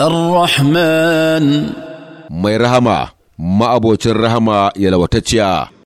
الرحمن مي رحمة ما أبوش الرحمة يلوتتشيا